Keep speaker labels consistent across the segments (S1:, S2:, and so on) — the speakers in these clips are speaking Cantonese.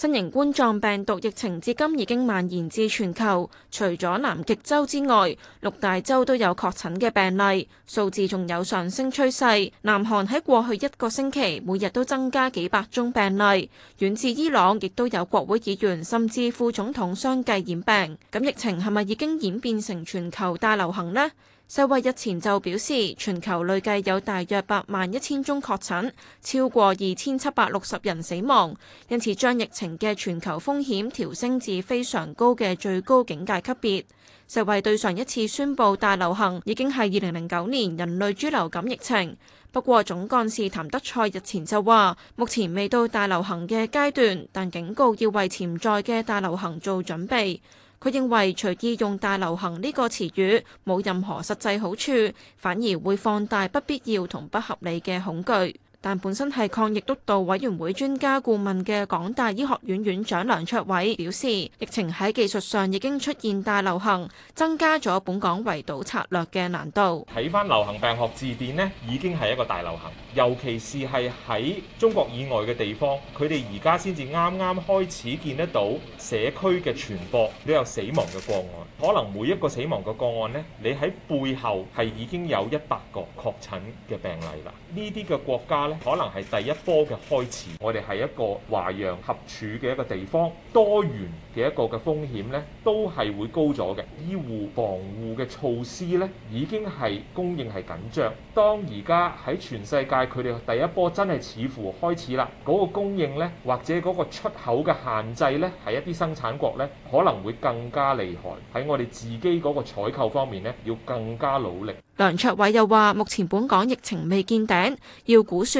S1: 新型冠狀病毒疫情至今已經蔓延至全球，除咗南極洲之外，六大洲都有確診嘅病例，數字仲有上升趨勢。南韓喺過去一個星期，每日都增加幾百宗病例。遠至伊朗，亦都有國會議員，甚至副總統相繼染病。咁疫情係咪已經演變成全球大流行呢？世衛日前就表示，全球累計有大約八萬一千宗確診，超過二千七百六十人死亡，因此將疫情嘅全球風險調升至非常高嘅最高警戒級別。世衛對上一次宣布大流行已經係二零零九年人類豬流感疫情。不過總幹事譚德塞日前就話，目前未到大流行嘅階段，但警告要為潛在嘅大流行做準備。佢認為隨意用大流行呢個詞語冇任何實際好處，反而會放大不必要同不合理嘅恐懼。但本身係抗疫督導委員會專家顧問嘅港大醫學院院長梁卓偉表示，疫情喺技術上已經出現大流行，增加咗本港圍堵策略嘅難度。
S2: 睇翻流行病學字典咧，已經係一個大流行，尤其是係喺中國以外嘅地方，佢哋而家先至啱啱開始見得到社區嘅傳播，都有死亡嘅個案。可能每一個死亡嘅個案咧，你喺背後係已經有一百個確診嘅病例啦。呢啲嘅國家。可能係第一波嘅開始，我哋係一個華洋合處嘅一個地方，多元嘅一個嘅風險呢都係會高咗嘅。醫護防護嘅措施呢已經係供應係緊張。當而家喺全世界佢哋第一波真係似乎開始啦，嗰個供應呢，或者嗰個出口嘅限制呢，係一啲生產國呢可能會更加厲害。喺我哋自己嗰個採購方面呢，要更加努力。
S1: 梁卓偉又話：目前本港疫情未見頂，要估算，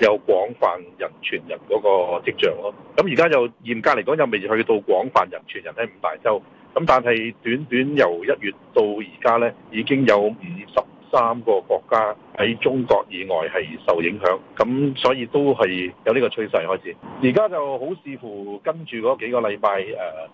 S3: 有廣泛人傳人嗰個跡象囉，咁而家又嚴格嚟講又未去到廣泛人傳人喺五大洲，咁但係短短由一月到而家呢，已經有五十三個國家。喺中國以外係受影響，咁所以都係有呢個趨勢開始。而家就好視乎跟住嗰幾個禮拜誒，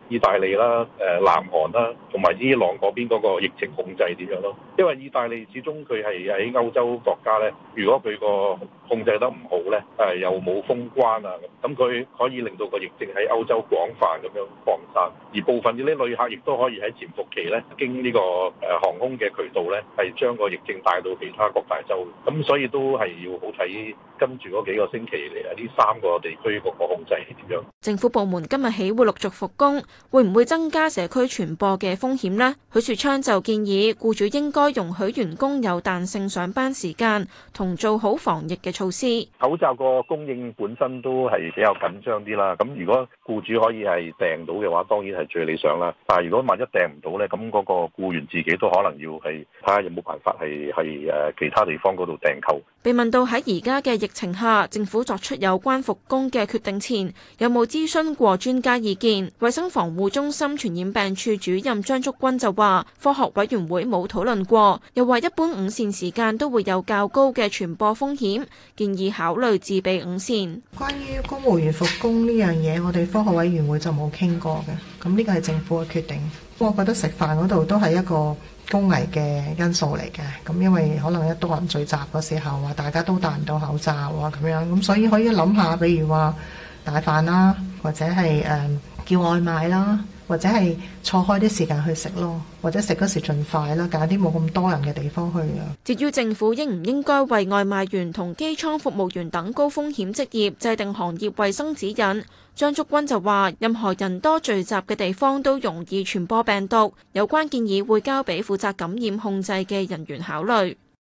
S3: 意大利啦、誒、呃、南韓啦同埋伊朗嗰邊嗰個疫情控制點樣咯。因為意大利始終佢係喺歐洲國家呢，如果佢個控制得唔好呢，誒、啊、又冇封關啊，咁佢可以令到個疫情喺歐洲廣泛咁樣擴散，而部分啲旅客亦都可以喺潛伏期呢，經呢個誒航空嘅渠道呢，係將個疫情帶到其他國家。就咁，所以都係要好睇，跟住嗰幾個星期嚟啊，呢三個地區個個控制係點樣？
S1: 政府部門今日起會陸續復工，會唔會增加社區傳播嘅風險咧？許樹昌就建議僱主應該容許員工有彈性上班時間，同做好防疫嘅措施。
S3: 口罩個供應本身都係比較緊張啲啦。咁如果僱主可以係訂到嘅話，當然係最理想啦。但係如果萬一訂唔到咧，咁嗰個僱員自己都可能要係睇下有冇辦法係係誒其他嚟。方度
S1: 被問到喺而家嘅疫情下，政府作出有關復工嘅決定前，有冇諮詢過專家意見？衞生防護中心傳染病處主任張竹君就話：科學委員會冇討論過，又話一般午膳時間都會有較高嘅傳播風險，建議考慮自備午膳。關
S4: 於公務員復工呢樣嘢，我哋科學委員會就冇傾過嘅。咁呢個係政府嘅決定。我覺得食飯嗰度都係一個高危嘅因素嚟嘅，咁因為可能一多人聚集嗰時候啊，大家都戴唔到口罩啊咁樣，咁所以可以諗下，比如話帶飯啦，或者係誒、um，叫外賣啦。或者係錯開啲時間去食咯，或者食嗰時盡快啦，揀啲冇咁多人嘅地方去
S1: 啊。至於政府應唔應該為外賣員同機艙服務員等高風險職業制定行業衛生指引，張竹君就話，任何人多聚集嘅地方都容易傳播病毒，有關建議會交俾負責感染控制嘅人員考慮。